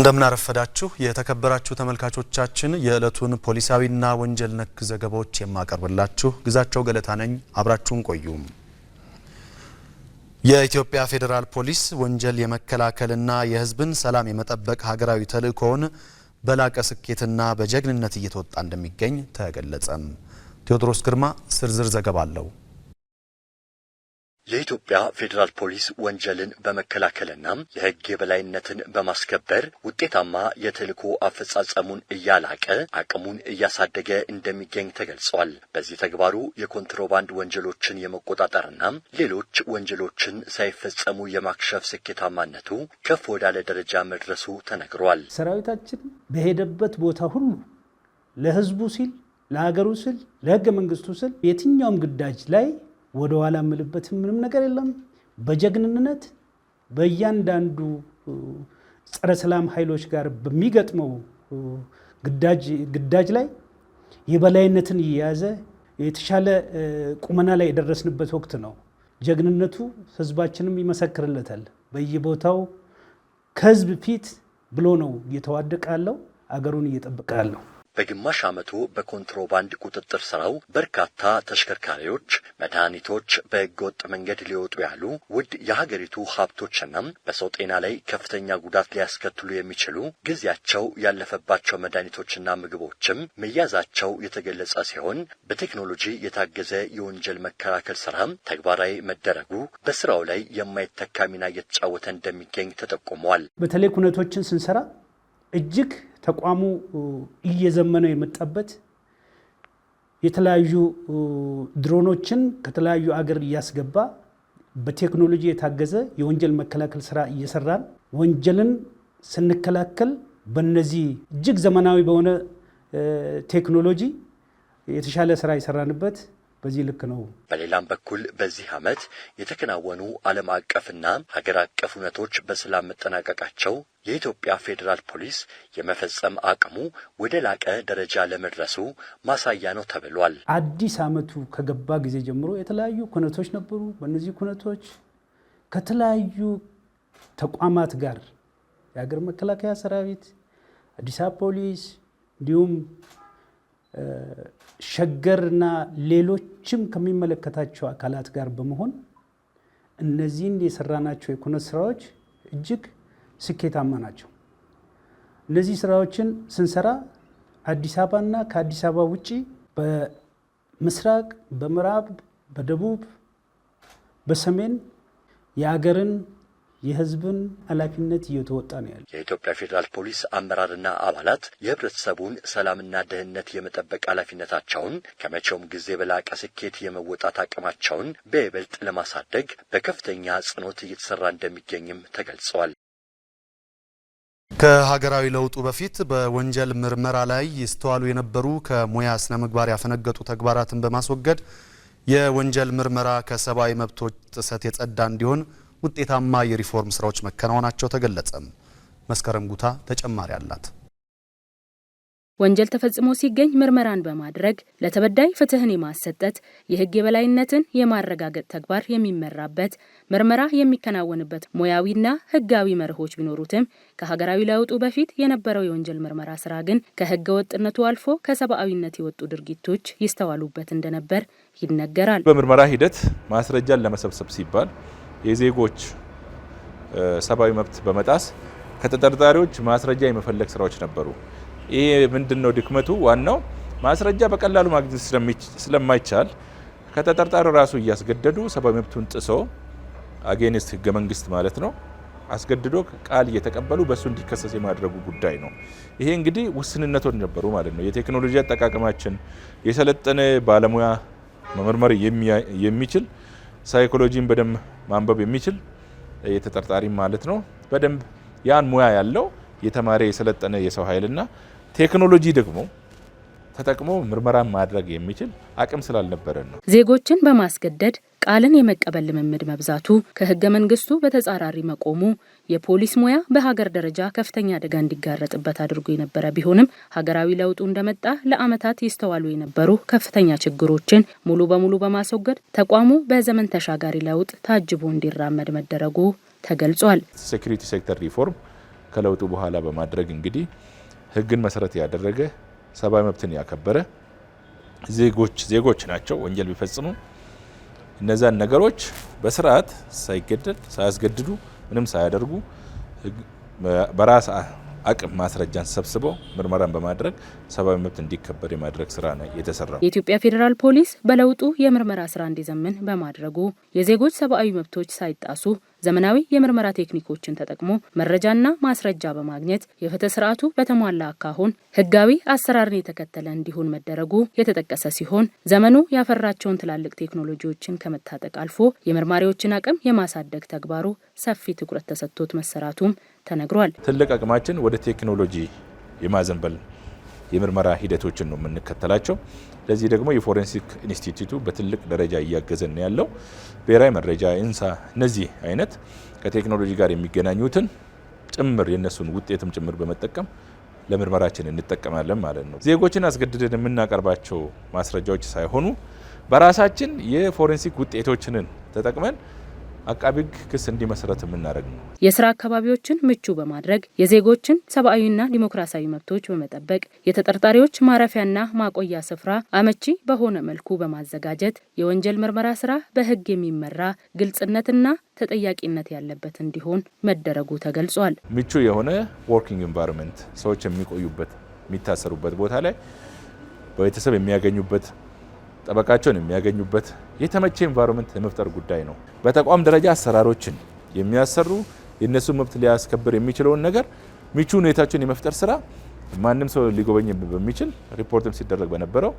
እንደምናረፈዳችሁ የተከበራችሁ ተመልካቾቻችን፣ የዕለቱን ፖሊሳዊና ወንጀል ነክ ዘገባዎች የማቀርብላችሁ ግዛቸው ገለታ ነኝ። አብራችሁን ቆዩ። የኢትዮጵያ ፌዴራል ፖሊስ ወንጀል የመከላከልና የሕዝብን ሰላም የመጠበቅ ሀገራዊ ተልእኮውን በላቀ ስኬትና በጀግንነት እየተወጣ እንደሚገኝ ተገለጸም። ቴዎድሮስ ግርማ ዝርዝር ዘገባ አለው። የኢትዮጵያ ፌዴራል ፖሊስ ወንጀልን በመከላከልና የሕግ የበላይነትን በማስከበር ውጤታማ የተልዕኮ አፈጻጸሙን እያላቀ አቅሙን እያሳደገ እንደሚገኝ ተገልጿል። በዚህ ተግባሩ የኮንትሮባንድ ወንጀሎችን የመቆጣጠርና ሌሎች ወንጀሎችን ሳይፈጸሙ የማክሸፍ ስኬታማነቱ ከፍ ወዳለ ደረጃ መድረሱ ተነግሯል። ሰራዊታችን በሄደበት ቦታ ሁሉ ለሕዝቡ ሲል ለሀገሩ ሲል ለሕገ መንግስቱ ሲል የትኛውም ግዳጅ ላይ ወደ ኋላ የምልበትም ምንም ነገር የለም። በጀግንነት በእያንዳንዱ ጸረ ሰላም ኃይሎች ጋር በሚገጥመው ግዳጅ ላይ የበላይነትን እየያዘ የተሻለ ቁመና ላይ የደረስንበት ወቅት ነው። ጀግንነቱ ህዝባችንም ይመሰክርለታል። በየቦታው ከህዝብ ፊት ብሎ ነው እየተዋደቀ ያለው፣ አገሩን እየጠበቀ ያለው። በግማሽ ዓመቱ በኮንትሮባንድ ቁጥጥር ስራው በርካታ ተሽከርካሪዎች፣ መድኃኒቶች፣ በህገወጥ መንገድ ሊወጡ ያሉ ውድ የሀገሪቱ ሀብቶችና በሰው ጤና ላይ ከፍተኛ ጉዳት ሊያስከትሉ የሚችሉ ጊዜያቸው ያለፈባቸው መድኃኒቶችና ምግቦችም መያዛቸው የተገለጸ ሲሆን በቴክኖሎጂ የታገዘ የወንጀል መከላከል ስራ ተግባራዊ መደረጉ በስራው ላይ የማይተካ ሚና እየተጫወተ እንደሚገኝ ተጠቁሟል። በተለይ ኩነቶችን ስንሰራ እጅግ ተቋሙ እየዘመነ የመጣበት የተለያዩ ድሮኖችን ከተለያዩ አገር እያስገባ በቴክኖሎጂ የታገዘ የወንጀል መከላከል ስራ እየሰራን ወንጀልን ስንከላከል በነዚህ እጅግ ዘመናዊ በሆነ ቴክኖሎጂ የተሻለ ስራ የሰራንበት በዚህ ልክ ነው። በሌላም በኩል በዚህ ዓመት የተከናወኑ ዓለም አቀፍና ሀገር አቀፍ እውነቶች በሰላም መጠናቀቃቸው የኢትዮጵያ ፌዴራል ፖሊስ የመፈጸም አቅሙ ወደ ላቀ ደረጃ ለመድረሱ ማሳያ ነው ተብሏል። አዲስ ዓመቱ ከገባ ጊዜ ጀምሮ የተለያዩ ኩነቶች ነበሩ። በእነዚህ ኩነቶች ከተለያዩ ተቋማት ጋር የሀገር መከላከያ ሰራዊት፣ አዲስ አበባ ፖሊስ እንዲሁም ሸገርና ሌሎችም ከሚመለከታቸው አካላት ጋር በመሆን እነዚህን የሰራናቸው የኩነት ስራዎች እጅግ ስኬታማ ናቸው። እነዚህ ስራዎችን ስንሰራ አዲስ አበባና ከአዲስ አበባ ውጪ በምስራቅ፣ በምዕራብ፣ በደቡብ፣ በሰሜን የአገርን የህዝብን ኃላፊነት እየተወጣ ነው ያለ የኢትዮጵያ ፌዴራል ፖሊስ አመራርና አባላት የህብረተሰቡን ሰላምና ደህንነት የመጠበቅ ኃላፊነታቸውን ከመቼውም ጊዜ በላቀ ስኬት የመወጣት አቅማቸውን በይበልጥ ለማሳደግ በከፍተኛ ጽኖት እየተሰራ እንደሚገኝም ተገልጸዋል። ከሀገራዊ ለውጡ በፊት በወንጀል ምርመራ ላይ ይስተዋሉ የነበሩ ከሙያ ስነ ምግባር ያፈነገጡ ተግባራትን በማስወገድ የወንጀል ምርመራ ከሰብአዊ መብቶች ጥሰት የጸዳ እንዲሆን ውጤታማ የሪፎርም ስራዎች መከናወናቸው ተገለጸ። መስከረም ጉታ ተጨማሪ አላት። ወንጀል ተፈጽሞ ሲገኝ ምርመራን በማድረግ ለተበዳይ ፍትህን የማሰጠት የህግ የበላይነትን የማረጋገጥ ተግባር የሚመራበት ምርመራ የሚከናወንበት ሙያዊና ህጋዊ መርሆች ቢኖሩትም ከሀገራዊ ለውጡ በፊት የነበረው የወንጀል ምርመራ ስራ ግን ከህገ ወጥነቱ አልፎ ከሰብአዊነት የወጡ ድርጊቶች ይስተዋሉበት እንደነበር ይነገራል። በምርመራ ሂደት ማስረጃን ለመሰብሰብ ሲባል የዜጎች ሰብአዊ መብት በመጣስ ከተጠርጣሪዎች ማስረጃ የመፈለግ ስራዎች ነበሩ። ይሄ ምንድን ነው ድክመቱ? ዋናው ማስረጃ በቀላሉ ማግኘት ስለማይቻል ከተጠርጣሪው ራሱ እያስገደዱ ሰብአዊ መብቱን ጥሶ አጌንስት ህገ መንግስት ማለት ነው አስገድዶ ቃል እየተቀበሉ በእሱ እንዲከሰስ የማድረጉ ጉዳይ ነው። ይሄ እንግዲህ ውስንነቶች ነበሩ ማለት ነው። የቴክኖሎጂ አጠቃቀማችን የሰለጠነ ባለሙያ መመርመር የሚችል ሳይኮሎጂን በደንብ ማንበብ የሚችል የተጠርጣሪ ማለት ነው። በደንብ ያን ሙያ ያለው የተማረ የሰለጠነ የሰው ኃይልና ቴክኖሎጂ ደግሞ ተጠቅሞ ምርመራ ማድረግ የሚችል አቅም ስላልነበረን ነው። ዜጎችን በማስገደድ ቃልን የመቀበል ልምምድ መብዛቱ ከህገ መንግስቱ በተጻራሪ መቆሙ የፖሊስ ሙያ በሀገር ደረጃ ከፍተኛ አደጋ እንዲጋረጥበት አድርጎ የነበረ ቢሆንም ሀገራዊ ለውጡ እንደመጣ ለአመታት ይስተዋሉ የነበሩ ከፍተኛ ችግሮችን ሙሉ በሙሉ በማስወገድ ተቋሙ በዘመን ተሻጋሪ ለውጥ ታጅቦ እንዲራመድ መደረጉ ተገልጿል። ሴኩሪቲ ሴክተር ሪፎርም ከለውጡ በኋላ በማድረግ እንግዲህ ህግን መሰረት ያደረገ ሰብአዊ መብትን ያከበረ ዜጎች ዜጎች ናቸው። ወንጀል ቢፈጽሙ እነዛን ነገሮች በስርዓት ሳይገደድ ሳያስገድዱ ምንም ሳያደርጉ በራስ አቅም ማስረጃን ሰብስቦ ምርመራን በማድረግ ሰብአዊ መብት እንዲከበር የማድረግ ስራ ነው የተሰራው። የኢትዮጵያ ፌዴራል ፖሊስ በለውጡ የምርመራ ስራ እንዲዘምን በማድረጉ የዜጎች ሰብአዊ መብቶች ሳይጣሱ ዘመናዊ የምርመራ ቴክኒኮችን ተጠቅሞ መረጃና ማስረጃ በማግኘት የፍትህ ስርዓቱ በተሟላ አካሁን ህጋዊ አሰራርን የተከተለ እንዲሆን መደረጉ የተጠቀሰ ሲሆን ዘመኑ ያፈራቸውን ትላልቅ ቴክኖሎጂዎችን ከመታጠቅ አልፎ የመርማሪዎችን አቅም የማሳደግ ተግባሩ ሰፊ ትኩረት ተሰጥቶት መሰራቱም ተነግሯል። ትልቅ አቅማችን ወደ ቴክኖሎጂ የማዘንበል የምርመራ ሂደቶችን ነው የምንከተላቸው። ለዚህ ደግሞ የፎረንሲክ ኢንስቲትዩቱ በትልቅ ደረጃ እያገዘን ያለው። ብሔራዊ መረጃ፣ እንሳ እነዚህ አይነት ከቴክኖሎጂ ጋር የሚገናኙትን ጭምር የእነሱን ውጤትም ጭምር በመጠቀም ለምርመራችን እንጠቀማለን ማለት ነው። ዜጎችን አስገድደን የምናቀርባቸው ማስረጃዎች ሳይሆኑ በራሳችን የፎረንሲክ ውጤቶችንን ተጠቅመን አቃቢ ክስ እንዲመሰረት የምናደርግ ነው። የስራ አካባቢዎችን ምቹ በማድረግ የዜጎችን ሰብአዊና ዲሞክራሲያዊ መብቶች በመጠበቅ የተጠርጣሪዎች ማረፊያና ማቆያ ስፍራ አመቺ በሆነ መልኩ በማዘጋጀት የወንጀል ምርመራ ስራ በህግ የሚመራ ግልጽነትና ተጠያቂነት ያለበት እንዲሆን መደረጉ ተገልጿል። ምቹ የሆነ ወርኪንግ ኢንቫይሮንመንት ሰዎች የሚቆዩበት የሚታሰሩበት ቦታ ላይ በቤተሰብ የሚያገኙበት ጠበቃቸውን የሚያገኙበት የተመቸ ኤንቫይሮንመንት የመፍጠር ጉዳይ ነው። በተቋም ደረጃ አሰራሮችን የሚያሰሩ የእነሱ መብት ሊያስከብር የሚችለውን ነገር ምቹ ሁኔታቸውን የመፍጠር ስራ ማንም ሰው ሊጎበኝ በሚችል ሪፖርትም ሲደረግ በነበረው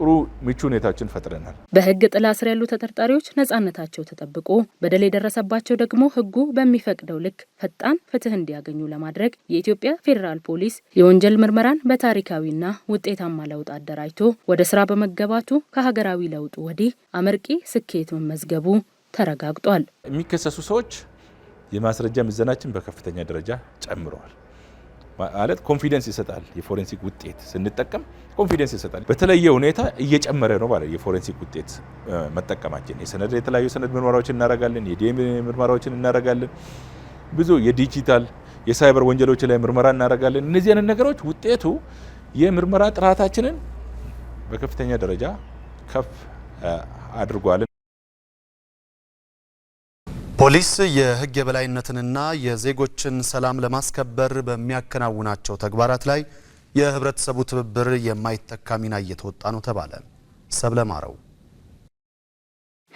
ጥሩ ምቹ ሁኔታዎችን ፈጥረናል። በህግ ጥላ ስር ያሉ ተጠርጣሪዎች ነጻነታቸው ተጠብቆ በደል የደረሰባቸው ደግሞ ህጉ በሚፈቅደው ልክ ፈጣን ፍትህ እንዲያገኙ ለማድረግ የኢትዮጵያ ፌዴራል ፖሊስ የወንጀል ምርመራን በታሪካዊና ውጤታማ ለውጥ አደራጅቶ ወደ ስራ በመገባቱ ከሀገራዊ ለውጡ ወዲህ አመርቂ ስኬት መመዝገቡ ተረጋግጧል። የሚከሰሱ ሰዎች የማስረጃ ምዘናችን በከፍተኛ ደረጃ ጨምረዋል። ማለት ኮንፊደንስ ይሰጣል። የፎረንሲክ ውጤት ስንጠቀም ኮንፊደንስ ይሰጣል። በተለየ ሁኔታ እየጨመረ ነው ማለት የፎረንሲክ ውጤት መጠቀማችን። የሰነድ የተለያዩ ሰነድ ምርመራዎችን እናደርጋለን፣ የዲኤንኤ ምርመራዎችን እናደርጋለን፣ ብዙ የዲጂታል የሳይበር ወንጀሎች ላይ ምርመራ እናደርጋለን። እነዚህን ነገሮች ውጤቱ የምርመራ ጥራታችንን በከፍተኛ ደረጃ ከፍ አድርጓል። ፖሊስ የህግ የበላይነትንና የዜጎችን ሰላም ለማስከበር በሚያከናውናቸው ተግባራት ላይ የህብረተሰቡ ትብብር የማይተካ ሚና እየተወጣ ነው ተባለ። ሰብለማረው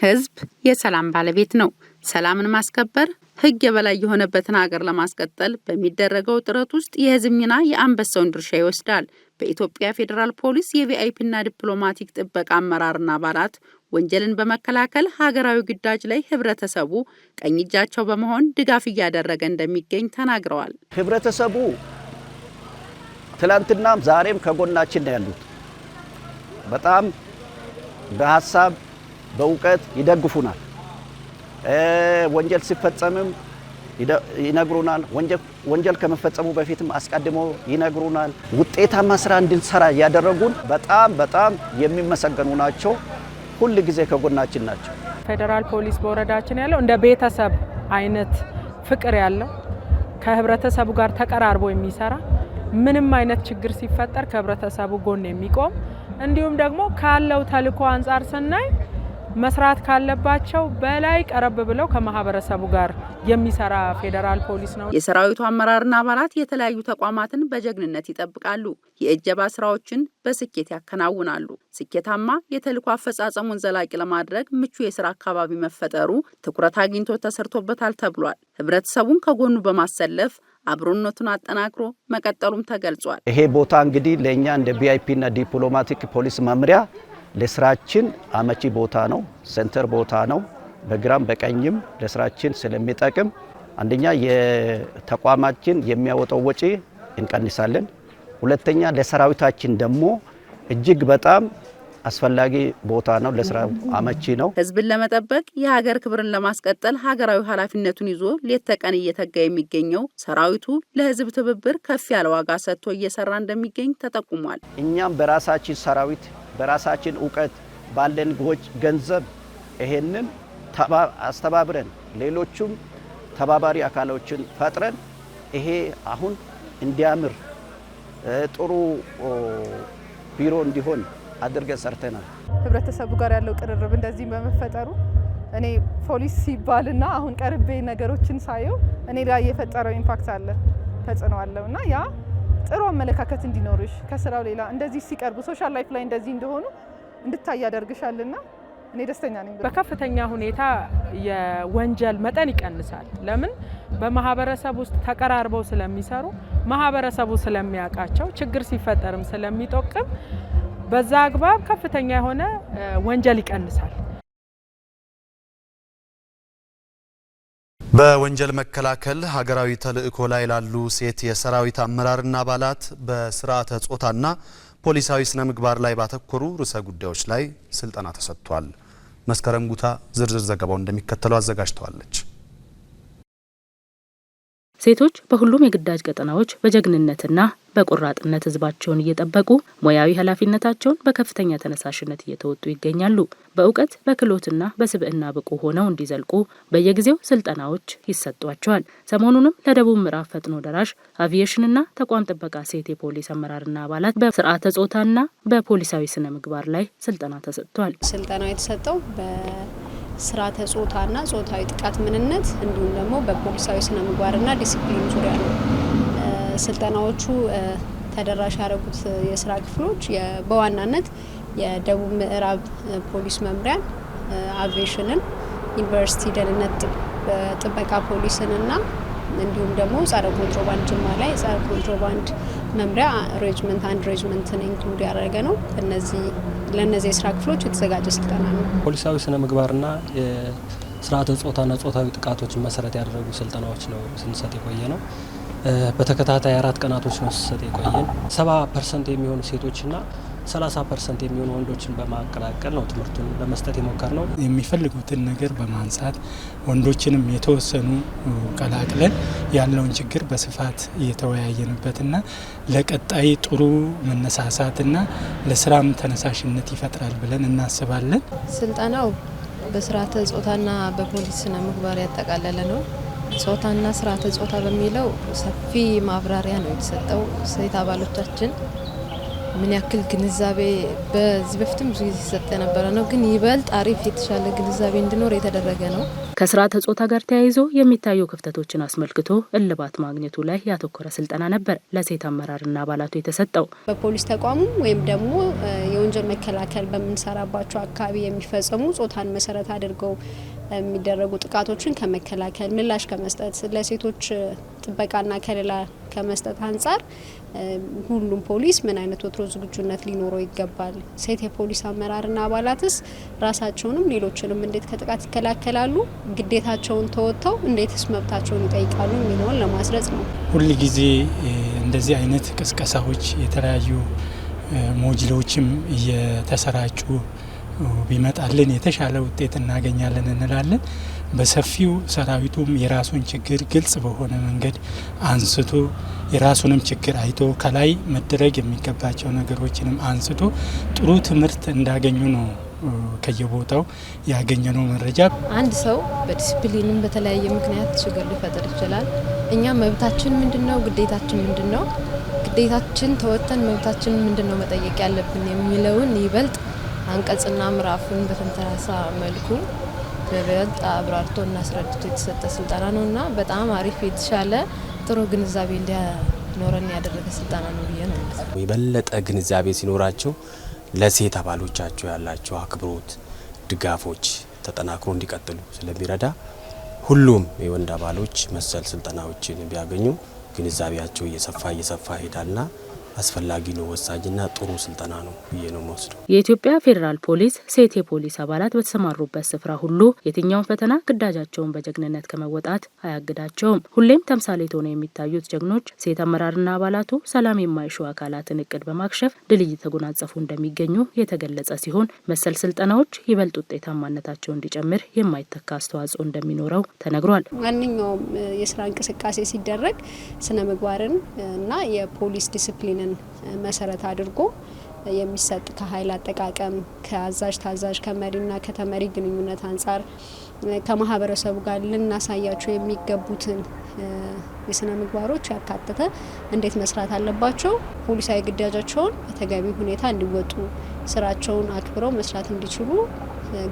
ህዝብ የሰላም ባለቤት ነው። ሰላምን ማስከበር ህግ የበላይ የሆነበትን ሀገር ለማስቀጠል በሚደረገው ጥረት ውስጥ የህዝብ ሚና የአንበሳውን ድርሻ ይወስዳል። በኢትዮጵያ ፌዴራል ፖሊስ የቪአይፒና ዲፕሎማቲክ ጥበቃ አመራርና አባላት ወንጀልን በመከላከል ሀገራዊ ግዳጅ ላይ ህብረተሰቡ ቀኝ እጃቸው በመሆን ድጋፍ እያደረገ እንደሚገኝ ተናግረዋል። ህብረተሰቡ ትላንትናም ዛሬም ከጎናችን ነው ያሉት። በጣም በሀሳብ በእውቀት ይደግፉናል። ወንጀል ሲፈጸምም ይነግሩናል። ወንጀል ከመፈጸሙ በፊትም አስቀድሞ ይነግሩናል። ውጤታማ ስራ እንድንሰራ እያደረጉን በጣም በጣም የሚመሰገኑ ናቸው። ሁል ጊዜ ከጎናችን ናቸው። ፌዴራል ፖሊስ በወረዳችን ያለው እንደ ቤተሰብ አይነት ፍቅር ያለው ከህብረተሰቡ ጋር ተቀራርቦ የሚሰራ ምንም አይነት ችግር ሲፈጠር ከህብረተሰቡ ጎን የሚቆም እንዲሁም ደግሞ ካለው ተልኮ አንጻር ስናይ መስራት ካለባቸው በላይ ቀረብ ብለው ከማህበረሰቡ ጋር የሚሰራ ፌዴራል ፖሊስ ነው። የሰራዊቱ አመራርና አባላት የተለያዩ ተቋማትን በጀግንነት ይጠብቃሉ። የእጀባ ስራዎችን በስኬት ያከናውናሉ። ስኬታማ የተልዕኮ አፈጻጸሙን ዘላቂ ለማድረግ ምቹ የስራ አካባቢ መፈጠሩ ትኩረት አግኝቶ ተሰርቶበታል ተብሏል። ህብረተሰቡን ከጎኑ በማሰለፍ አብሮነቱን አጠናክሮ መቀጠሉም ተገልጿል። ይሄ ቦታ እንግዲህ ለእኛ እንደ ቪአይፒና ዲፕሎማቲክ ፖሊስ መምሪያ ለስራችን አመቺ ቦታ ነው፣ ሴንተር ቦታ ነው። በግራም በቀኝም ለስራችን ስለሚጠቅም አንደኛ የተቋማችን የሚያወጣው ወጪ እንቀንሳለን። ሁለተኛ ለሰራዊታችን ደግሞ እጅግ በጣም አስፈላጊ ቦታ ነው። ለስራ አመቺ ነው። ህዝብን ለመጠበቅ የሀገር ክብርን ለማስቀጠል ሀገራዊ ኃላፊነቱን ይዞ ሌት ተቀን እየተጋ የሚገኘው ሰራዊቱ ለህዝብ ትብብር ከፍ ያለ ዋጋ ሰጥቶ እየሰራ እንደሚገኝ ተጠቁሟል። እኛም በራሳችን ሰራዊት፣ በራሳችን እውቀት ባለን ጎጅ ገንዘብ ይሄንን አስተባብረን ሌሎቹም ተባባሪ አካሎችን ፈጥረን ይሄ አሁን እንዲያምር ጥሩ ቢሮ እንዲሆን አድርገን ሰርተናል። ህብረተሰቡ ጋር ያለው ቅርርብ እንደዚህ በመፈጠሩ እኔ ፖሊስ ሲባልና አሁን ቀርቤ ነገሮችን ሳየው እኔ ላይ የፈጠረው ኢምፓክት አለ ተጽዕኖ አለው እና ያ ጥሩ አመለካከት እንዲኖርሽ ከስራው ሌላ እንደዚህ ሲቀርቡ ሶሻል ላይፍ ላይ እንደዚህ እንደሆኑ እንድታይ ያደርግሻልና እኔ ደስተኛ ነኝ። በከፍተኛ ሁኔታ የወንጀል መጠን ይቀንሳል። ለምን? በማህበረሰብ ውስጥ ተቀራርበው ስለሚሰሩ ማህበረሰቡ ስለሚያውቃቸው ችግር ሲፈጠርም ስለሚጠቅም በዛ አግባብ ከፍተኛ የሆነ ወንጀል ይቀንሳል። በወንጀል መከላከል ሀገራዊ ተልዕኮ ላይ ላሉ ሴት የሰራዊት አመራርና አባላት በስርዓተ ጾታና ፖሊሳዊ ስነ ምግባር ላይ ባተኮሩ ርዕሰ ጉዳዮች ላይ ስልጠና ተሰጥቷል። መስከረም ጉታ ዝርዝር ዘገባው እንደሚከተለው አዘጋጅተዋለች። ሴቶች በሁሉም የግዳጅ ቀጠናዎች በጀግንነትና በቆራጥነት ህዝባቸውን እየጠበቁ ሙያዊ ኃላፊነታቸውን በከፍተኛ ተነሳሽነት እየተወጡ ይገኛሉ። በእውቀት በክህሎትና በስብዕና ብቁ ሆነው እንዲዘልቁ በየጊዜው ስልጠናዎች ይሰጧቸዋል። ሰሞኑንም ለደቡብ ምዕራብ ፈጥኖ ደራሽ አቪዬሽንና ተቋም ጥበቃ ሴት የፖሊስ አመራርና አባላት በስርዓተ ጾታና በፖሊሳዊ ስነ ምግባር ላይ ስልጠና ተሰጥቷል። ስልጠናው የተሰጠው ስርዓተ ጾታና ጾታዊ ጥቃት ምንነት እንዲሁም ደግሞ በፖሊሳዊ ስነ ምግባርና ዲሲፕሊን ዙሪያ ነው። ስልጠናዎቹ ተደራሽ ያደረጉት የስራ ክፍሎች በዋናነት የደቡብ ምዕራብ ፖሊስ መምሪያን፣ አቪዬሽንን፣ ዩኒቨርሲቲ ደህንነት ጥበቃ ፖሊስንና እንዲሁም ደግሞ ጸረ ኮንትሮባንድ ጅማ ላይ ጸረ ኮንትሮባንድ መምሪያ ሬጅመንት አንድ ሬጅመንትን ኢንክሉድ ያደረገ ነው። እነዚህ ለእነዚህ የስራ ክፍሎች የተዘጋጀ ስልጠና ነው። ፖሊሳዊ ስነ ምግባርና የስርዓተ ጾታና ጾታዊ ጥቃቶችን መሰረት ያደረጉ ስልጠናዎች ነው ስንሰጥ የቆየ ነው። በተከታታይ አራት ቀናቶች ነው ስንሰጥ የቆየን። ሰባ ፐርሰንት የሚሆኑ ሴቶችና ሰላሳ ፐርሰንት የሚሆኑ ወንዶችን በማቀላቀል ነው ትምህርቱን ለመስጠት የሞከር ነው። የሚፈልጉትን ነገር በማንሳት ወንዶችንም የተወሰኑ ቀላቅለን ያለውን ችግር በስፋት የተወያየንበትና ለቀጣይ ጥሩ መነሳሳትና ለስራም ተነሳሽነት ይፈጥራል ብለን እናስባለን። ስልጠናው በስርዓተ ጾታና በፖሊስ ስነ ምግባር ያጠቃለለ ነው። ጾታና ስርዓተ ጾታ በሚለው ሰፊ ማብራሪያ ነው የተሰጠው። ሴት አባሎቻችን ምን ያክል ግንዛቤ በዚህ በፊትም ብዙ ጊዜ ሲሰጥ የነበረ ነው፣ ግን ይበልጥ አሪፍ የተሻለ ግንዛቤ እንዲኖር የተደረገ ነው። ከስርዓተ ጾታ ጋር ተያይዞ የሚታዩ ክፍተቶችን አስመልክቶ እልባት ማግኘቱ ላይ ያተኮረ ስልጠና ነበር ለሴት አመራርና አባላቱ የተሰጠው። በፖሊስ ተቋሙ ወይም ደግሞ የወንጀል መከላከል በምንሰራባቸው አካባቢ የሚፈጸሙ ጾታን መሰረት አድርገው የሚደረጉ ጥቃቶችን ከመከላከል ምላሽ ከመስጠት ለሴቶች ጥበቃና ከሌላ ከመስጠት አንጻር ሁሉም ፖሊስ ምን አይነት ወትሮ ዝግጁነት ሊኖረው ይገባል? ሴት የፖሊስ አመራርና አባላትስ ራሳቸውንም ሌሎችንም እንዴት ከጥቃት ይከላከላሉ? ግዴታቸውን ተወጥተው እንዴትስ መብታቸውን ይጠይቃሉ? የሚለውን ለማስረጽ ነው። ሁል ጊዜ እንደዚህ አይነት ቅስቀሳዎች የተለያዩ ሞጅሎችም እየተሰራጩ ቢመጣልን የተሻለ ውጤት እናገኛለን እንላለን። በሰፊው ሰራዊቱም የራሱን ችግር ግልጽ በሆነ መንገድ አንስቶ የራሱንም ችግር አይቶ ከላይ መደረግ የሚገባቸው ነገሮችንም አንስቶ ጥሩ ትምህርት እንዳገኙ ነው ከየቦታው ያገኘነው መረጃ። አንድ ሰው በዲስፕሊንም በተለያየ ምክንያት ችግር ሊፈጠር ይችላል። እኛ መብታችን ምንድን ነው? ግዴታችን ምንድን ነው? ግዴታችን ተወጥተን መብታችን ምንድን ነው መጠየቅ ያለብን የሚለውን ይበልጥ አንቀጽና ምዕራፉን በተንተራሳ መልኩ በበልጥ አብራርቶ እና አስረድቶ የተሰጠ ስልጠና ነው እና በጣም አሪፍ የተሻለ ጥሩ ግንዛቤ እንዲኖረን ያደረገ ስልጠና ነው ብዬ ነው። የበለጠ ግንዛቤ ሲኖራቸው ለሴት አባሎቻቸው ያላቸው አክብሮት፣ ድጋፎች ተጠናክሮ እንዲቀጥሉ ስለሚረዳ ሁሉም የወንድ አባሎች መሰል ስልጠናዎችን ቢያገኙ ግንዛቤያቸው እየሰፋ እየሰፋ ይሄዳልና አስፈላጊ ነው፣ ወሳኝና ጥሩ ስልጠና ነው ብዬ ነው መወስደው። የኢትዮጵያ ፌዴራል ፖሊስ ሴት የፖሊስ አባላት በተሰማሩበት ስፍራ ሁሉ የትኛውን ፈተና ግዳጃቸውን በጀግንነት ከመወጣት አያግዳቸውም። ሁሌም ተምሳሌት ሆነው የሚታዩት ጀግኖች ሴት አመራርና አባላቱ ሰላም የማይሹ አካላትን እቅድ በማክሸፍ ድል እየተጎናጸፉ እንደሚገኙ የተገለጸ ሲሆን መሰል ስልጠናዎች ይበልጥ ውጤታማነታቸው እንዲጨምር የማይተካ አስተዋጽኦ እንደሚኖረው ተነግሯል። ማንኛውም የስራ እንቅስቃሴ ሲደረግ ስነ ምግባርን እና የፖሊስ ዲስፕሊን ይህንን መሰረት አድርጎ የሚሰጥ ከኃይል አጠቃቀም ከአዛዥ ታዛዥ ከመሪና ከተመሪ ግንኙነት አንጻር ከማህበረሰቡ ጋር ልናሳያቸው የሚገቡትን የስነ ምግባሮች ያካተተ እንዴት መስራት አለባቸው፣ ፖሊሳዊ ግዳጃቸውን በተገቢ ሁኔታ እንዲወጡ፣ ስራቸውን አክብረው መስራት እንዲችሉ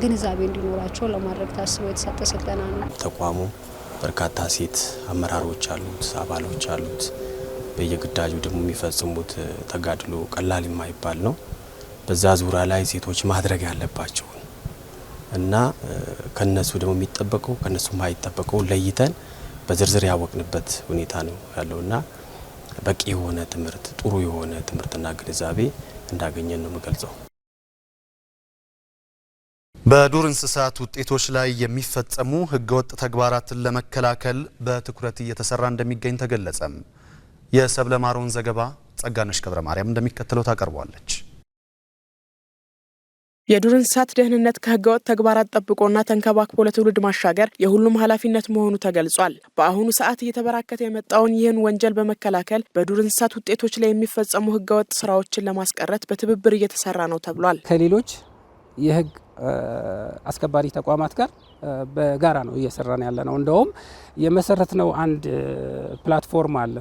ግንዛቤ እንዲኖራቸው ለማድረግ ታስቦ የተሰጠ ስልጠና ነው። ተቋሙ በርካታ ሴት አመራሮች አሉት፣ አባሎች አሉት። በየግዳጁ ደግሞ የሚፈጽሙት ተጋድሎ ቀላል የማይባል ነው። በዛ ዙሪያ ላይ ሴቶች ማድረግ ያለባቸውን እና ከነሱ ደግሞ የሚጠበቀው ከነሱ የማይጠበቀው ለይተን በዝርዝር ያወቅንበት ሁኔታ ነው እና በቂ የሆነ ትምህርት ጥሩ የሆነ ትምህርትና ግንዛቤ እንዳገኘን ነው የምገልጸው። በዱር እንስሳት ውጤቶች ላይ የሚፈጸሙ ህገወጥ ተግባራትን ለመከላከል በትኩረት እየተሰራ እንደሚገኝ ተገለጸም። የሰብለ ማሮን ዘገባ ጸጋነሽ ገብረ ማርያም እንደሚከተለው ታቀርቧለች። የዱር እንስሳት ደህንነት ከህገወጥ ተግባራት ጠብቆና ተንከባክቦ ለትውልድ ማሻገር የሁሉም ኃላፊነት መሆኑ ተገልጿል። በአሁኑ ሰዓት እየተበራከተ የመጣውን ይህን ወንጀል በመከላከል በዱር እንስሳት ውጤቶች ላይ የሚፈጸሙ ህገወጥ ስራዎችን ለማስቀረት በትብብር እየተሰራ ነው ተብሏል። ከሌሎች የህግ አስከባሪ ተቋማት ጋር በጋራ ነው እየሰራ ነው ያለ ነው። እንደውም የመሰረት ነው አንድ ፕላትፎርም አለ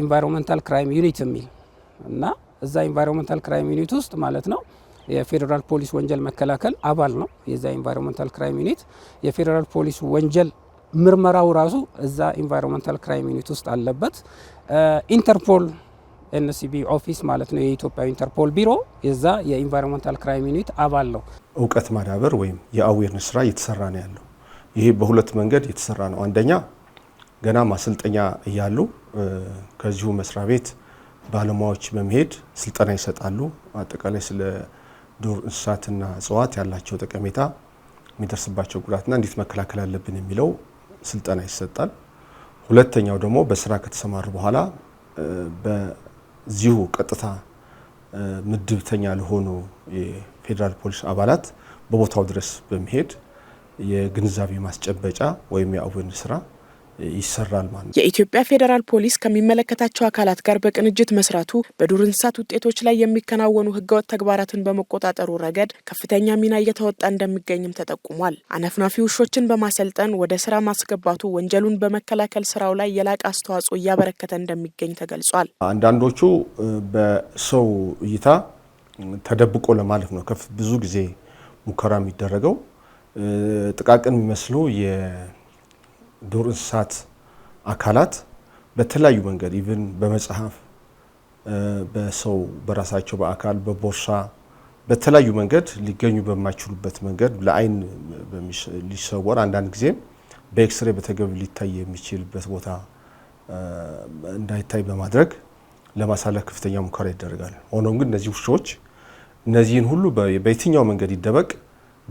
ኢንቫይሮንመንታል ክራይም ዩኒት የሚል እና እዛ ኢንቫይሮንመንታል ክራይም ዩኒት ውስጥ ማለት ነው የፌዴራል ፖሊስ ወንጀል መከላከል አባል ነው። የዛ ኢንቫይሮንመንታል ክራይም ዩኒት የፌዴራል ፖሊስ ወንጀል ምርመራው ራሱ እዛ ኢንቫይሮንመንታል ክራይም ዩኒት ውስጥ አለበት። ኢንተርፖል ኤንሲቢ ኦፊስ ማለት ነው የኢትዮጵያ ኢንተርፖል ቢሮ የዛ የኢንቫይሮንመንታል ክራይም ዩኒት አባል ነው። እውቀት ማዳበር ወይም የአዌርነስ ስራ እየተሰራ ነው ያለው። ይሄ በሁለት መንገድ የተሰራ ነው። አንደኛ ገና ማሰልጠኛ እያሉ ከዚሁ መስሪያ ቤት ባለሙያዎች በመሄድ ስልጠና ይሰጣሉ። አጠቃላይ ስለ ዱር እንስሳትና እጽዋት ያላቸው ጠቀሜታ፣ የሚደርስባቸው ጉዳትና እንዴት መከላከል አለብን የሚለው ስልጠና ይሰጣል። ሁለተኛው ደግሞ በስራ ከተሰማሩ በኋላ በዚሁ ቀጥታ ምድብተኛ ለሆኑ የፌዴራል ፖሊስ አባላት በቦታው ድረስ በመሄድ የግንዛቤ ማስጨበጫ ወይም የአዌን ስራ ይሰራል ማለት ነው። የኢትዮጵያ ፌዴራል ፖሊስ ከሚመለከታቸው አካላት ጋር በቅንጅት መስራቱ በዱር እንስሳት ውጤቶች ላይ የሚከናወኑ ህገወጥ ተግባራትን በመቆጣጠሩ ረገድ ከፍተኛ ሚና እየተወጣ እንደሚገኝም ተጠቁሟል። አነፍናፊ ውሾችን በማሰልጠን ወደ ስራ ማስገባቱ ወንጀሉን በመከላከል ስራው ላይ የላቀ አስተዋጽኦ እያበረከተ እንደሚገኝ ተገልጿል። አንዳንዶቹ በሰው እይታ ተደብቆ ለማለፍ ነው ከፍ ብዙ ጊዜ ሙከራ የሚደረገው ጥቃቅን የሚመስሉ የዱር እንስሳት አካላት በተለያዩ መንገድ ኢቭን በመጽሐፍ በሰው በራሳቸው በአካል በቦርሳ በተለያዩ መንገድ ሊገኙ በማይችሉበት መንገድ ለአይን ሊሰወር አንዳንድ ጊዜም በኤክስሬ በተገቢ ሊታይ የሚችልበት ቦታ እንዳይታይ በማድረግ ለማሳለፍ ከፍተኛ ሙከራ ይደረጋል። ሆኖም ግን እነዚህ ውሾች እነዚህን ሁሉ በየትኛው መንገድ ይደበቅ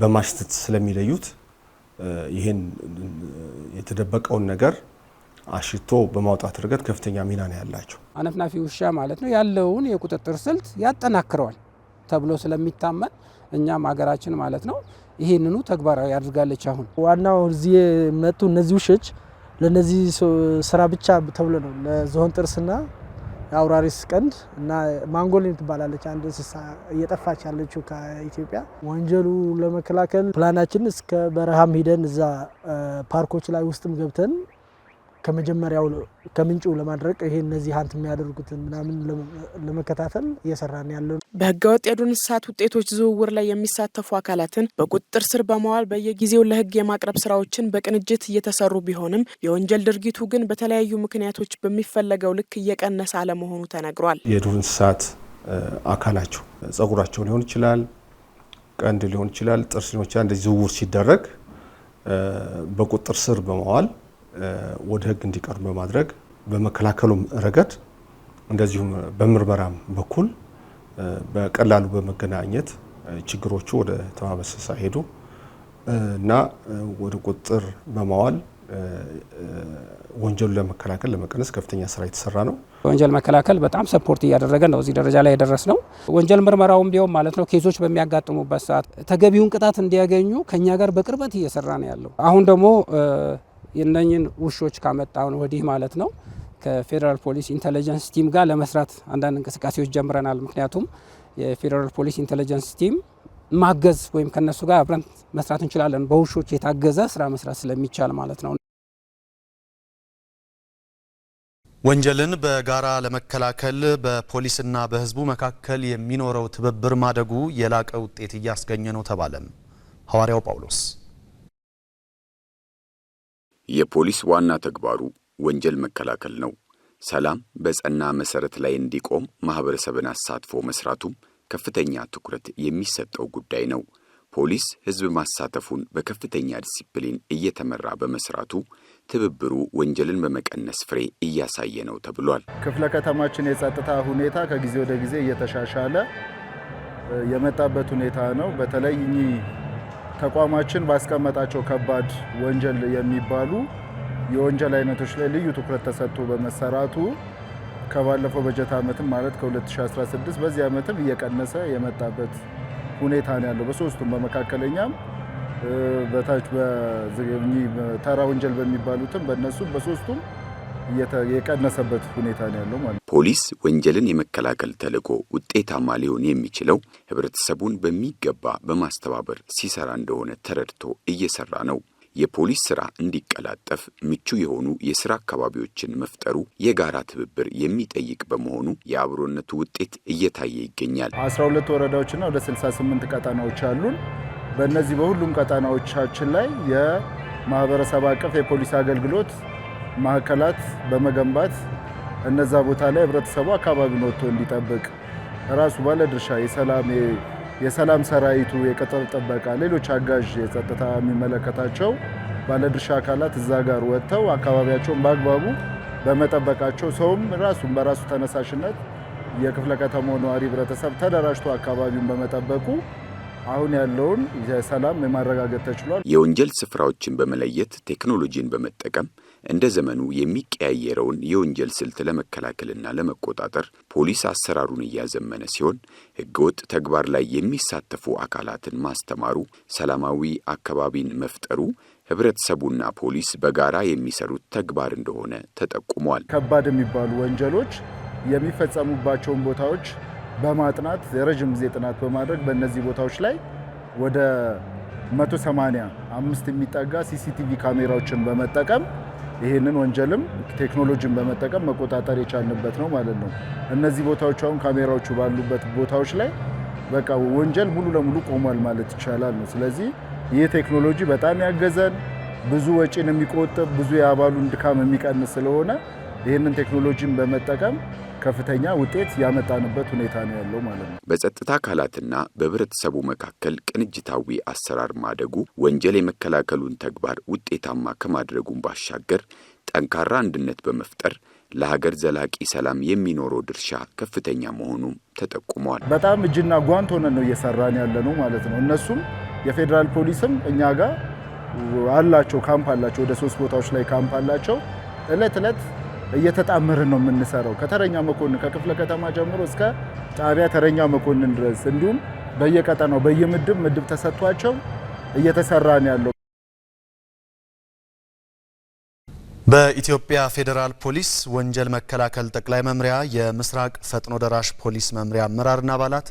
በማሽተት ስለሚለዩት ይህን የተደበቀውን ነገር አሽቶ በማውጣት ረገድ ከፍተኛ ሚና ነው ያላቸው። አነፍናፊ ውሻ ማለት ነው ያለውን የቁጥጥር ስልት ያጠናክረዋል ተብሎ ስለሚታመን እኛም ሀገራችን ማለት ነው ይህንኑ ተግባራዊ አድርጋለች። አሁን ዋናው እዚህ መጡ እነዚህ ውሾች ለነዚህ ስራ ብቻ ተብሎ ነው ለዝሆን ጥርስና የአውራሪስ ቀንድ እና ማንጎሊን ትባላለች አንድ እንስሳ እየጠፋች ያለችው ከኢትዮጵያ። ወንጀሉ ለመከላከል ፕላናችን እስከ በረሃም ሂደን እዛ ፓርኮች ላይ ውስጥም ገብተን ከመጀመሪያው ከምንጩ ለማድረግ ይሄ እነዚህ ሀንት የሚያደርጉትን ምናምን ለመከታተል እየሰራን ያለ። በህገወጥ የዱር እንስሳት ውጤቶች ዝውውር ላይ የሚሳተፉ አካላትን በቁጥጥር ስር በመዋል በየጊዜው ለህግ የማቅረብ ስራዎችን በቅንጅት እየተሰሩ ቢሆንም የወንጀል ድርጊቱ ግን በተለያዩ ምክንያቶች በሚፈለገው ልክ እየቀነሰ አለመሆኑ ተነግሯል። የዱር እንስሳት አካላቸው ጸጉራቸው ሊሆን ይችላል፣ ቀንድ ሊሆን ይችላል፣ ጥርስ ሊሆን ይችላል። እንደዚህ ዝውውር ሲደረግ በቁጥጥር ስር በመዋል ወደ ህግ እንዲቀርቡ በማድረግ በመከላከሉም ረገድ እንደዚሁም በምርመራም በኩል በቀላሉ በመገናኘት ችግሮቹ ወደ ተማመሰ ሳይሄዱ እና ወደ ቁጥጥር በማዋል ወንጀሉ ለመከላከል ለመቀነስ ከፍተኛ ስራ የተሰራ ነው። ወንጀል መከላከል በጣም ሰፖርት እያደረገ ነው እዚህ ደረጃ ላይ የደረስ ነው። ወንጀል ምርመራውም ቢሆን ማለት ነው ኬዞች በሚያጋጥሙበት ሰዓት ተገቢውን ቅጣት እንዲያገኙ ከኛ ጋር በቅርበት እየሰራ ነው ያለው። አሁን ደግሞ የነኝን ውሾች ካመጣውን ወዲህ ማለት ነው ከፌዴራል ፖሊስ ኢንተለጀንስ ቲም ጋር ለመስራት አንዳንድ እንቅስቃሴዎች ጀምረናል። ምክንያቱም የፌዴራል ፖሊስ ኢንተለጀንስ ቲም ማገዝ ወይም ከነሱ ጋር አብረን መስራት እንችላለን። በውሾች የታገዘ ስራ መስራት ስለሚቻል ማለት ነው። ወንጀልን በጋራ ለመከላከል በፖሊስና በሕዝቡ መካከል የሚኖረው ትብብር ማደጉ የላቀ ውጤት እያስገኘ ነው ተባለም። ሐዋርያው ጳውሎስ የፖሊስ ዋና ተግባሩ ወንጀል መከላከል ነው። ሰላም በጸና መሰረት ላይ እንዲቆም ማህበረሰብን አሳትፎ መስራቱም ከፍተኛ ትኩረት የሚሰጠው ጉዳይ ነው። ፖሊስ ህዝብ ማሳተፉን በከፍተኛ ዲሲፕሊን እየተመራ በመስራቱ ትብብሩ ወንጀልን በመቀነስ ፍሬ እያሳየ ነው ተብሏል። ክፍለ ከተማችን የጸጥታ ሁኔታ ከጊዜ ወደ ጊዜ እየተሻሻለ የመጣበት ሁኔታ ነው። በተለይ ተቋማችን ባስቀመጣቸው ከባድ ወንጀል የሚባሉ የወንጀል አይነቶች ላይ ልዩ ትኩረት ተሰጥቶ በመሰራቱ ከባለፈው በጀት ዓመትም ማለት ከ2016 በዚህ ዓመትም እየቀነሰ የመጣበት ሁኔታ ነው ያለው። በሶስቱም በመካከለኛም በታች ተራ ወንጀል በሚባሉትም በእነሱም በሶስቱም የቀነሰበት ሁኔታ ነው ያለው ማለት ነው። ፖሊስ ወንጀልን የመከላከል ተልዕኮ ውጤታማ ሊሆን የሚችለው ህብረተሰቡን በሚገባ በማስተባበር ሲሰራ እንደሆነ ተረድቶ እየሰራ ነው። የፖሊስ ስራ እንዲቀላጠፍ ምቹ የሆኑ የስራ አካባቢዎችን መፍጠሩ የጋራ ትብብር የሚጠይቅ በመሆኑ የአብሮነቱ ውጤት እየታየ ይገኛል። 12 ወረዳዎችና ወደ 68 ቀጠናዎች አሉን። በእነዚህ በሁሉም ቀጠናዎቻችን ላይ የማህበረሰብ አቀፍ የፖሊስ አገልግሎት ማዕከላት በመገንባት እነዛ ቦታ ላይ ህብረተሰቡ አካባቢውን ወጥቶ እንዲጠብቅ ራሱ ባለድርሻ የሰላም ሰራዊቱ፣ የቅጥር ጥበቃ፣ ሌሎች አጋዥ የጸጥታ የሚመለከታቸው ባለድርሻ አካላት እዛ ጋር ወጥተው አካባቢያቸውን በአግባቡ በመጠበቃቸው ሰውም ራሱን በራሱ ተነሳሽነት የክፍለ ከተማው ነዋሪ ህብረተሰብ ተደራጅቶ አካባቢውን በመጠበቁ አሁን ያለውን የሰላም የማረጋገጥ ተችሏል። የወንጀል ስፍራዎችን በመለየት ቴክኖሎጂን በመጠቀም እንደ ዘመኑ የሚቀያየረውን የወንጀል ስልት ለመከላከልና ለመቆጣጠር ፖሊስ አሰራሩን እያዘመነ ሲሆን ሕገወጥ ተግባር ላይ የሚሳተፉ አካላትን ማስተማሩ፣ ሰላማዊ አካባቢን መፍጠሩ ህብረተሰቡና ፖሊስ በጋራ የሚሰሩት ተግባር እንደሆነ ተጠቁሟል። ከባድ የሚባሉ ወንጀሎች የሚፈጸሙባቸውን ቦታዎች በማጥናት የረዥም ጊዜ ጥናት በማድረግ በእነዚህ ቦታዎች ላይ ወደ 185 የሚጠጋ ሲሲቲቪ ካሜራዎችን በመጠቀም ይህንን ወንጀልም ቴክኖሎጂን በመጠቀም መቆጣጠር የቻልንበት ነው ማለት ነው። እነዚህ ቦታዎች አሁን ካሜራዎቹ ባሉበት ቦታዎች ላይ በቃ ወንጀል ሙሉ ለሙሉ ቆሟል ማለት ይቻላል ነው። ስለዚህ ይህ ቴክኖሎጂ በጣም ያገዘን ብዙ ወጪን የሚቆጥብ ብዙ የአባሉን ድካም የሚቀንስ ስለሆነ ይህንን ቴክኖሎጂን በመጠቀም ከፍተኛ ውጤት ያመጣንበት ሁኔታ ነው ያለው ማለት ነው። በጸጥታ አካላትና በህብረተሰቡ መካከል ቅንጅታዊ አሰራር ማደጉ ወንጀል የመከላከሉን ተግባር ውጤታማ ከማድረጉን ባሻገር ጠንካራ አንድነት በመፍጠር ለሀገር ዘላቂ ሰላም የሚኖረው ድርሻ ከፍተኛ መሆኑም ተጠቁሟል። በጣም እጅና ጓንት ሆነን ነው እየሰራን ያለ ነው ማለት ነው። እነሱም የፌዴራል ፖሊስም እኛ ጋር አላቸው ካምፕ አላቸው። ወደ ሶስት ቦታዎች ላይ ካምፕ አላቸው። እለት እለት እየተጣመርን ነው የምንሰራው። ከተረኛ መኮንን ከክፍለ ከተማ ጀምሮ እስከ ጣቢያ ተረኛ መኮንን ድረስ እንዲሁም በየቀጠናው በየምድብ ምድብ ተሰጥቷቸው እየተሰራ ነው ያለው። በኢትዮጵያ ፌዴራል ፖሊስ ወንጀል መከላከል ጠቅላይ መምሪያ የምስራቅ ፈጥኖ ደራሽ ፖሊስ መምሪያ አመራርና አባላት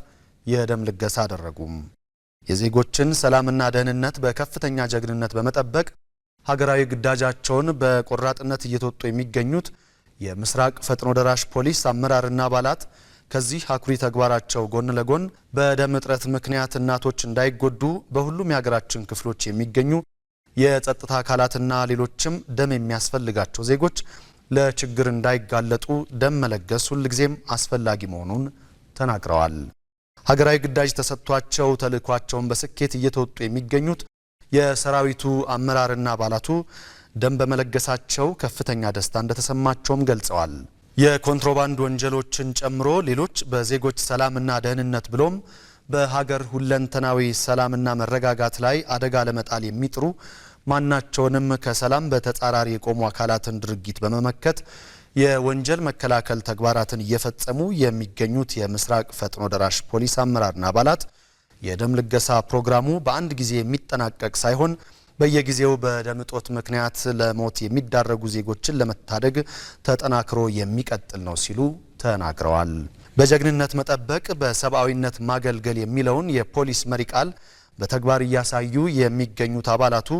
የደም ልገሳ አደረጉም። የዜጎችን ሰላምና ደህንነት በከፍተኛ ጀግንነት በመጠበቅ ሀገራዊ ግዳጃቸውን በቆራጥነት እየተወጡ የሚገኙት የምስራቅ ፈጥኖ ደራሽ ፖሊስ አመራርና አባላት ከዚህ አኩሪ ተግባራቸው ጎን ለጎን በደም እጥረት ምክንያት እናቶች እንዳይጎዱ በሁሉም የሀገራችን ክፍሎች የሚገኙ የጸጥታ አካላትና ሌሎችም ደም የሚያስፈልጋቸው ዜጎች ለችግር እንዳይጋለጡ ደም መለገስ ሁልጊዜም አስፈላጊ መሆኑን ተናግረዋል። ሀገራዊ ግዳጅ ተሰጥቷቸው ተልእኳቸውን በስኬት እየተወጡ የሚገኙት የሰራዊቱ አመራርና አባላቱ ደም በመለገሳቸው ከፍተኛ ደስታ እንደተሰማቸውም ገልጸዋል። የኮንትሮባንድ ወንጀሎችን ጨምሮ ሌሎች በዜጎች ሰላምና ደህንነት ብሎም በሀገር ሁለንተናዊ ሰላምና መረጋጋት ላይ አደጋ ለመጣል የሚጥሩ ማናቸውንም ከሰላም በተጻራሪ የቆሙ አካላትን ድርጊት በመመከት የወንጀል መከላከል ተግባራትን እየፈጸሙ የሚገኙት የምስራቅ ፈጥኖ ደራሽ ፖሊስ አመራርና አባላት የደም ልገሳ ፕሮግራሙ በአንድ ጊዜ የሚጠናቀቅ ሳይሆን በየጊዜው በደም እጦት ምክንያት ለሞት የሚዳረጉ ዜጎችን ለመታደግ ተጠናክሮ የሚቀጥል ነው ሲሉ ተናግረዋል። በጀግንነት መጠበቅ በሰብአዊነት ማገልገል የሚለውን የፖሊስ መሪ ቃል በተግባር እያሳዩ የሚገኙት አባላቱ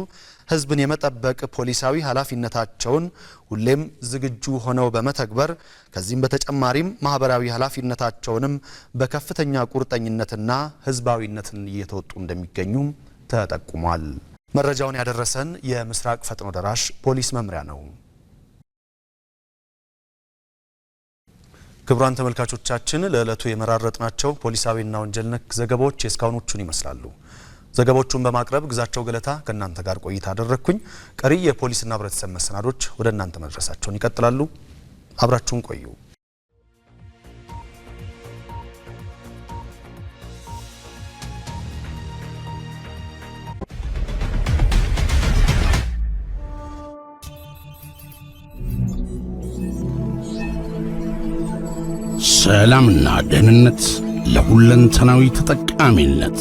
ሕዝብን የመጠበቅ ፖሊሳዊ ኃላፊነታቸውን ሁሌም ዝግጁ ሆነው በመተግበር ከዚህም በተጨማሪም ማህበራዊ ኃላፊነታቸውንም በከፍተኛ ቁርጠኝነትና ሕዝባዊነትን እየተወጡ እንደሚገኙም ተጠቁሟል። መረጃውን ያደረሰን የምስራቅ ፈጥኖ ደራሽ ፖሊስ መምሪያ ነው። ክቡራን ተመልካቾቻችን ለዕለቱ የመራረጥናቸው ፖሊሳዊና ወንጀል ነክ ዘገባዎች የእስካሁኖቹን ይመስላሉ። ዘገባዎቹን በማቅረብ ግዛቸው ገለታ ከእናንተ ጋር ቆይታ አደረግኩኝ። ቀሪ የፖሊስና ህብረተሰብ መሰናዶች ወደ እናንተ መድረሳቸውን ይቀጥላሉ። አብራችሁን ቆዩ። ሰላምና ደህንነት ለሁለንተናዊ ተጠቃሚነት